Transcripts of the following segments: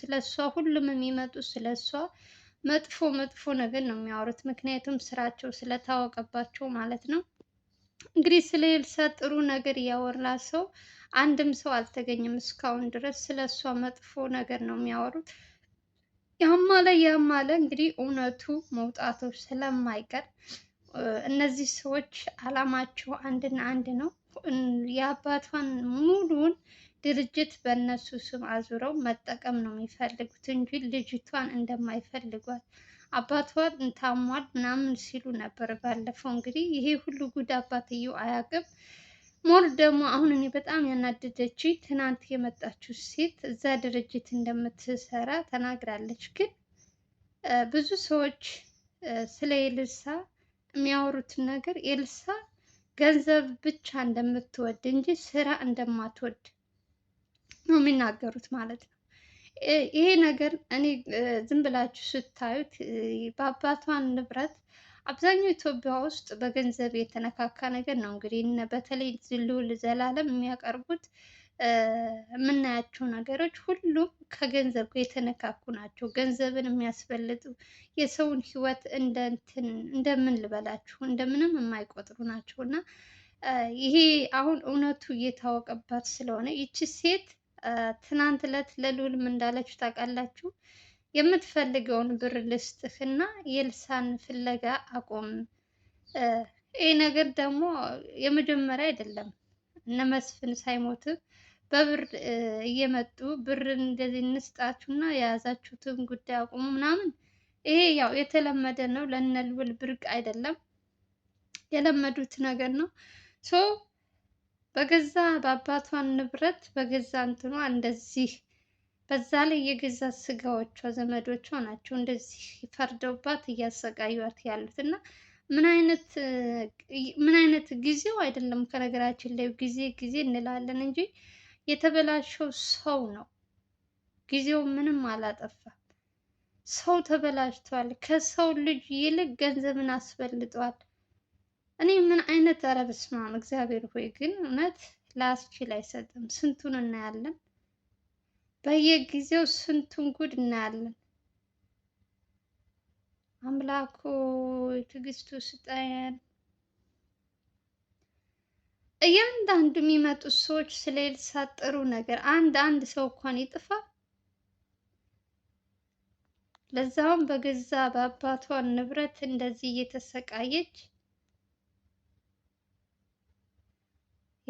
ስለ እሷ ሁሉም የሚመጡት ስለ እሷ መጥፎ መጥፎ ነገር ነው የሚያወሩት። ምክንያቱም ስራቸው ስለታወቀባቸው ማለት ነው። እንግዲህ ስለ ኤልሳ ጥሩ ነገር እያወራ ሰው አንድም ሰው አልተገኘም እስካሁን ድረስ። ስለ እሷ መጥፎ ነገር ነው የሚያወሩት። ያማለ ያማለ እንግዲህ እውነቱ መውጣቱ ስለማይቀር እነዚህ ሰዎች አላማቸው አንድና አንድ ነው። የአባቷን ሙሉውን ድርጅት በእነሱ ስም አዙረው መጠቀም ነው የሚፈልጉት እንጂ ልጅቷን እንደማይፈልጓት አባቷን ታሟል ምናምን ሲሉ ነበር ባለፈው። እንግዲህ ይሄ ሁሉ ጉድ አባትየው አያውቅም። ሞር ደግሞ አሁን እኔ በጣም ያናደደች ትናንት የመጣችው ሴት እዛ ድርጅት እንደምትሰራ ተናግራለች። ግን ብዙ ሰዎች ስለ ኤልሳ የሚያወሩትን ነገር ኤልሳ ገንዘብ ብቻ እንደምትወድ እንጂ ስራ እንደማትወድ ነው የሚናገሩት ማለት ነው። ይሄ ነገር እኔ ዝም ብላችሁ ስታዩት በአባቷን ንብረት አብዛኛው ኢትዮጵያ ውስጥ በገንዘብ የተነካካ ነገር ነው። እንግዲህ በተለይ ልዑል ዘላለም የሚያቀርቡት የምናያቸው ነገሮች ሁሉም ከገንዘብ ጋር የተነካኩ ናቸው። ገንዘብን የሚያስበልጡ የሰውን ሕይወት እንደንትን እንደምን ልበላችሁ እንደምንም የማይቆጥሩ ናቸው እና ይሄ አሁን እውነቱ እየታወቀባት ስለሆነ ይቺ ሴት ትናንት ዕለት ለልዑልም እንዳለችው ታውቃላችሁ የምትፈልገውን ብር ልስጥህ እና የልሳን ፍለጋ አቆም። ይህ ነገር ደግሞ የመጀመሪያ አይደለም። እነ መስፍን ሳይሞትም በብር እየመጡ ብር እንደዚህ እንስጣችሁ እና የያዛችሁትን ጉዳይ አቁሙ ምናምን። ይሄ ያው የተለመደ ነው። ለነ ልዑል ብርቅ አይደለም፣ የለመዱት ነገር ነው። ሶ በገዛ በአባቷን ንብረት በገዛ እንትኗ እንደዚህ በዛ ላይ የገዛ ስጋዎቿ ዘመዶቿ ናቸው እንደዚህ ፈርደውባት እያሰቃዩት ያሉት እና ምን አይነት ጊዜው አይደለም። ከነገራችን ላይ ጊዜ ጊዜ እንላለን እንጂ የተበላሸው ሰው ነው። ጊዜው ምንም አላጠፋም። ሰው ተበላሽቷል። ከሰው ልጅ ይልቅ ገንዘብን አስበልጧል። እኔ ምን አይነት ኧረ በስመ አብ እግዚአብሔር ሆይ ግን እውነት ላስችል አይሰጥም። ስንቱን እናያለን፣ በየጊዜው ስንቱን ጉድ እናያለን። አምላኩ ትዕግስቱ ስጠን። እያንዳንዱ የሚመጡት ሰዎች ስለ ኤልሳ ጥሩ ነገር አንድ አንድ ሰው እንኳን ይጥፋ፣ ለዛውም በገዛ በአባቷ ንብረት እንደዚህ እየተሰቃየች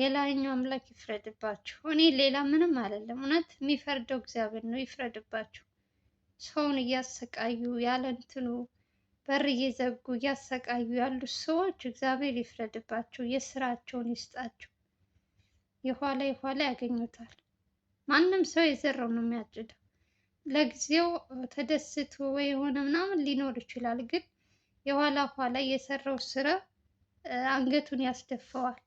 የላይኛው አምላክ ይፍረድባችሁ። እኔ ሌላ ምንም አላለም። እውነት የሚፈርደው እግዚአብሔር ነው። ይፍረድባችሁ። ሰውን እያሰቃዩ ያለ እንትኑ በር እየዘጉ እያሰቃዩ ያሉ ሰዎች እግዚአብሔር ይፍረድባቸው፣ የስራቸውን ይስጣቸው። የኋላ የኋላ ያገኙታል። ማንም ሰው የዘራው ነው የሚያጭደው። ለጊዜው ተደስቶ ወይ የሆነ ምናምን ሊኖር ይችላል፣ ግን የኋላ ኋላ የሰራው ስራ አንገቱን ያስደፈዋል።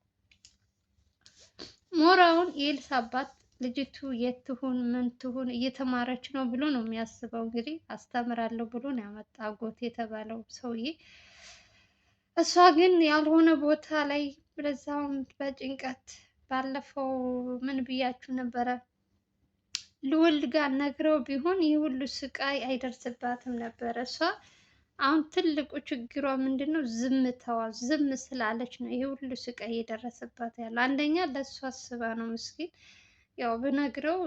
ሞራውን የኤልሳ አባት ልጅቱ የት ትሁን ምን ትሁን እየተማረች ነው ብሎ ነው የሚያስበው። እንግዲህ አስተምራለሁ ብሎ ነው ያመጣ ጎት የተባለው ሰውዬ። እሷ ግን ያልሆነ ቦታ ላይ በዛውም በጭንቀት ባለፈው ምን ብያችሁ ነበረ? ልውልድ ጋር ነግረው ቢሆን ይህ ሁሉ ስቃይ አይደርስባትም ነበረ እሷ አሁን ትልቁ ችግሯ ምንድን ነው? ዝምታዋ። ዝም ስላለች ነው ይሄ ሁሉ ስቃይ እየደረሰባት ያለው። አንደኛ ለእሱ አስባ ነው ምስኪን። ያው ብነግረው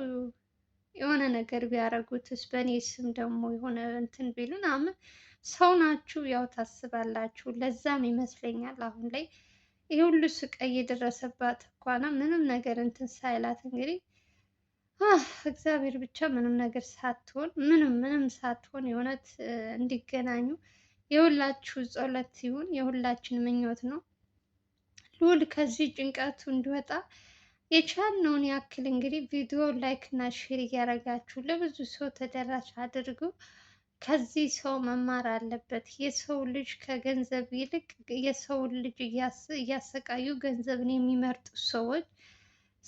የሆነ ነገር ቢያደርጉትስ በእኔ ስም ደግሞ የሆነ እንትን ቢሉን አምን ሰው ናችሁ፣ ያው ታስባላችሁ። ለዛም ይመስለኛል አሁን ላይ ይህ ሁሉ ስቃይ እየደረሰባት እኳና ምንም ነገር እንትን ሳይላት እንግዲህ እግዚአብሔር ብቻ ምንም ነገር ሳትሆን ምንም ምንም ሳትሆን የእውነት እንዲገናኙ የሁላችሁ ጸሎት ይሁን፣ የሁላችን ምኞት ነው። ልዑል ከዚህ ጭንቀቱ እንዲወጣ የቻልነውን ያክል እንግዲህ ቪዲዮ ላይክ እና ሼር እያደረጋችሁ ለብዙ ሰው ተደራሽ አድርጉ። ከዚህ ሰው መማር አለበት። የሰው ልጅ ከገንዘብ ይልቅ የሰውን ልጅ እያሰቃዩ ገንዘብን የሚመርጡ ሰዎች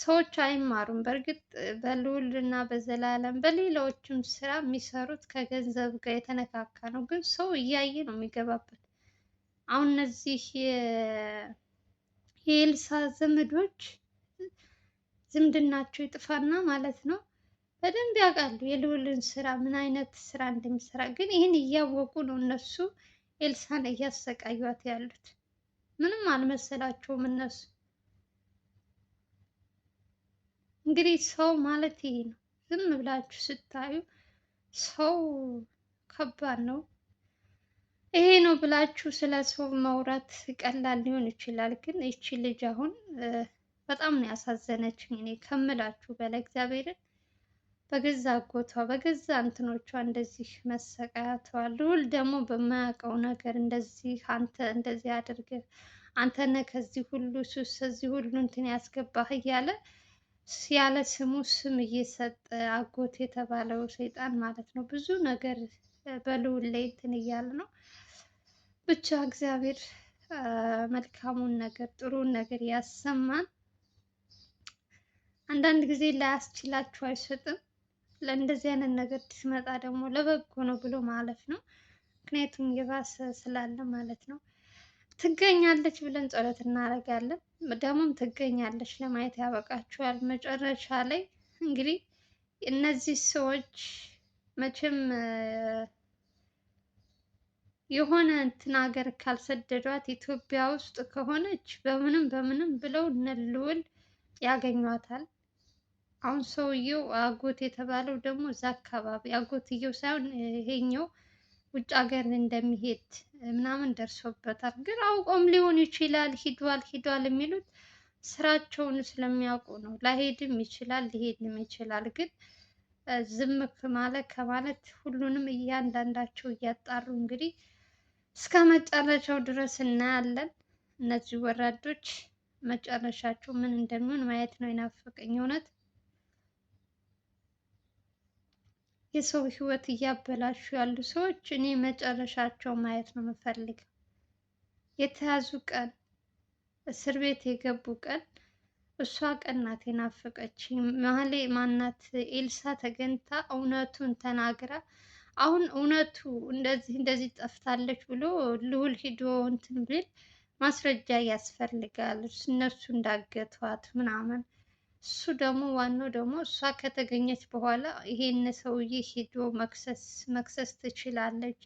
ሰዎች አይማሩም። በእርግጥ በልዑል እና በዘላለም በሌላዎችም ስራ የሚሰሩት ከገንዘብ ጋር የተነካካ ነው፣ ግን ሰው እያየ ነው የሚገባበት። አሁን እነዚህ የኤልሳ ዘመዶች ዝምድናቸው ይጥፋና ማለት ነው በደንብ ያውቃሉ የልዑልን ስራ፣ ምን አይነት ስራ እንደሚሰራ። ግን ይህን እያወቁ ነው እነሱ ኤልሳን እያሰቃዩት ያሉት። ምንም አልመሰላቸውም እነሱ እንግዲህ ሰው ማለት ይሄ ነው። ዝም ብላችሁ ስታዩ ሰው ከባድ ነው። ይሄ ነው ብላችሁ ስለ ሰው ማውራት ቀላል ሊሆን ይችላል። ግን ይቺ ልጅ አሁን በጣም ነው ያሳዘነችኝ እኔ ከምላችሁ በላይ እግዚአብሔርን በገዛ ጎቷ በገዛ እንትኖቿ እንደዚህ መሰቃያቷ፣ ልዑል ደግሞ በማያውቀው ነገር እንደዚህ አንተ እንደዚህ አድርገህ አንተነ ከዚህ ሁሉ ሱስ ከዚህ ሁሉ እንትን ያስገባህ እያለ ያለ ስሙ ስም እየሰጠ አጎት የተባለው ሰይጣን ማለት ነው። ብዙ ነገር በልዑል ላይ እንትን እያለ ነው። ብቻ እግዚአብሔር መልካሙን ነገር ጥሩን ነገር ያሰማን። አንዳንድ ጊዜ ላያስችላችሁ አይሰጥም። ለእንደዚህ አይነት ነገር ሲመጣ ደግሞ ለበጎ ነው ብሎ ማለፍ ነው። ምክንያቱም የባሰ ስላለ ማለት ነው። ትገኛለች ብለን ጸሎት እናደርጋለን። ደግሞም ትገኛለች ለማየት ያበቃችኋል። መጨረሻ ላይ እንግዲህ እነዚህ ሰዎች መቼም የሆነ እንትን ሀገር ካልሰደዷት ኢትዮጵያ ውስጥ ከሆነች በምንም በምንም ብለው እነ ልዑል ያገኟታል። አሁን ሰውየው አጎት የተባለው ደግሞ እዛ አካባቢ አጎትየው ሳይሆን ይሄኛው ውጭ ሀገር እንደሚሄድ ምናምን ደርሶበታል። ግን አውቆም ሊሆን ይችላል ሂዷል ሂዷል የሚሉት ስራቸውን ስለሚያውቁ ነው። ላይሄድም ይችላል ሊሄድም ይችላል። ግን ዝም ማለት ከማለት ሁሉንም እያንዳንዳቸው እያጣሩ እንግዲህ እስከ መጨረሻው ድረስ እናያለን። እነዚህ ወራዶች መጨረሻቸው ምን እንደሚሆን ማየት ነው የናፈቀኝ እውነት። የሰው ህይወት እያበላሹ ያሉ ሰዎች እኔ መጨረሻቸው ማየት ነው የምፈልገው። የተያዙ ቀን እስር ቤት የገቡ ቀን እሷ ቀን ናት የናፈቀች መሀሌ ማናት ኤልሳ ተገኝታ እውነቱን ተናግራ አሁን እውነቱ እንደዚህ እንደዚህ ጠፍታለች ብሎ ልዑል ሂዶ እንትን ቢል ማስረጃ ያስፈልጋል እነሱ እንዳገቷት ምናምን እሱ ደግሞ ዋናው ደግሞ እሷ ከተገኘች በኋላ ይሄን ሰውዬ ሄዶ መክሰስ መክሰስ ትችላለች።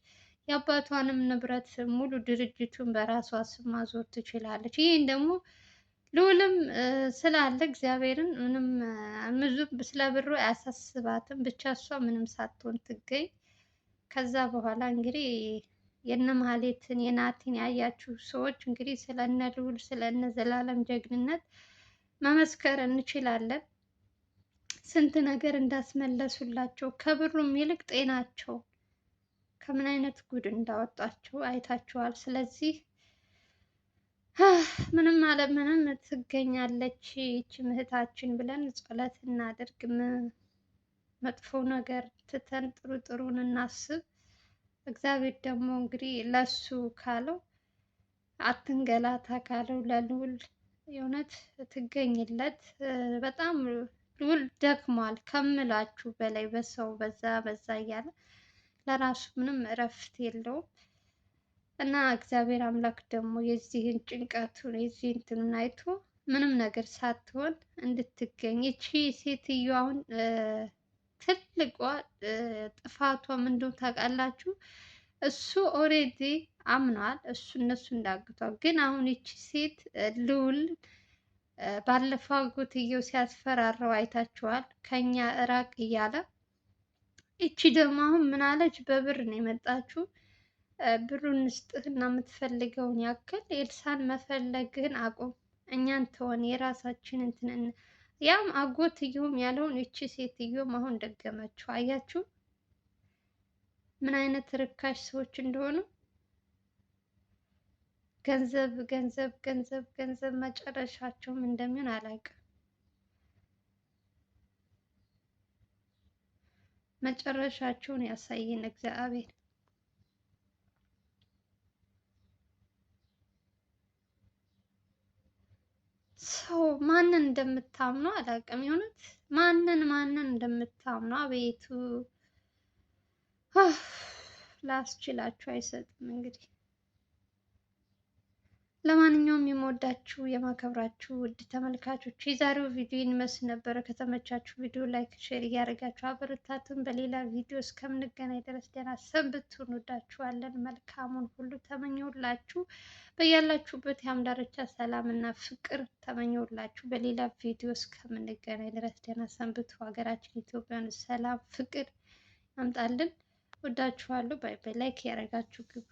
የአባቷንም ንብረት ሙሉ ድርጅቱን በራሷ ስም ማዞር ትችላለች። ይህን ደግሞ ልዑልም ስላለ እግዚአብሔርን ምንም ብዙም ስለ ብሩ አያሳስባትም። ብቻ እሷ ምንም ሳትሆን ትገኝ። ከዛ በኋላ እንግዲህ የነ ማህሌትን የናቲን ያያችሁ ሰዎች እንግዲህ ስለ እነ ልዑል ስለ እነ ዘላለም ጀግንነት መመስከር እንችላለን። ስንት ነገር እንዳስመለሱላቸው ከብሩም ይልቅ ጤናቸው ከምን አይነት ጉድ እንዳወጣቸው አይታችኋል። ስለዚህ ምንም አለ ምንም ትገኛለች ይች ምህታችን ብለን ጸሎት እናድርግ። መጥፎ ነገር ትተን ጥሩ ጥሩን እናስብ። እግዚአብሔር ደግሞ እንግዲህ ለሱ ካለው አትንገላታ ካለው ለልዑል የእውነት ትገኝለት። በጣም ልዑል ደክሟል ከምላችሁ በላይ በሰው በዛ በዛ እያለ ለራሱ ምንም እረፍት የለውም እና እግዚአብሔር አምላክ ደግሞ የዚህን ጭንቀቱን የዚህን እንትኑን አይቶ ምንም ነገር ሳትሆን እንድትገኝ። ይቺ ሴትዮ አሁን ትልቋ ጥፋቷ ምንድን ታውቃላችሁ? እሱ ኦሬዲ አምኗል። እሱ እነሱ እንዳግቷል። ግን አሁን ይቺ ሴት ልዑል ባለፈው አጎትየው ሲያስፈራረው አይታችኋል። ከኛ እራቅ እያለ ይቺ ደግሞ አሁን ምናለች? በብር ነው የመጣችው። ብሩን ስጥህና የምትፈልገውን ያክል ኤልሳን መፈለግህን አቁም፣ እኛን ተወን፣ የራሳችን እንትን። ያም አጎትየውም ያለውን ይቺ ሴትዮም አሁን ደገመችው። አያችሁ ምን አይነት ርካሽ ሰዎች እንደሆኑ ገንዘብ ገንዘብ ገንዘብ ገንዘብ መጨረሻቸውም እንደሚሆን አላውቅም። መጨረሻቸውን ያሳየን እግዚአብሔር። ሰው ማንን እንደምታምነው አላውቅም። የሆኑት ማንን ማንን እንደምታምነው አቤቱ ላስችላችሁ አይሰጥም። እንግዲህ ለማንኛውም የምወዳችሁ የማከብራችሁ ውድ ተመልካቾች የዛሬው ቪዲዮ ይመስል ነበረ። ከተመቻችሁ ቪዲዮ ላይክ፣ ሼር እያደረጋችሁ አበረታቱን። በሌላ ቪዲዮ እስከምንገናኝ ድረስ ደህና ሰንብቱ። እንወዳችኋለን። መልካሙን ሁሉ ተመኘውላችሁ። በያላችሁበት የዓለም ዳርቻ ሰላም እና ፍቅር ተመኘውላችሁ። በሌላ ቪዲዮ እስከምንገናኝ ድረስ ደህና ሰንብቱ። ሀገራችን ኢትዮጵያን ሰላም፣ ፍቅር ያምጣልን። ወዳችኋለሁ። ባይ ባይ። ላይክ ያደረጋችሁ ግቡ።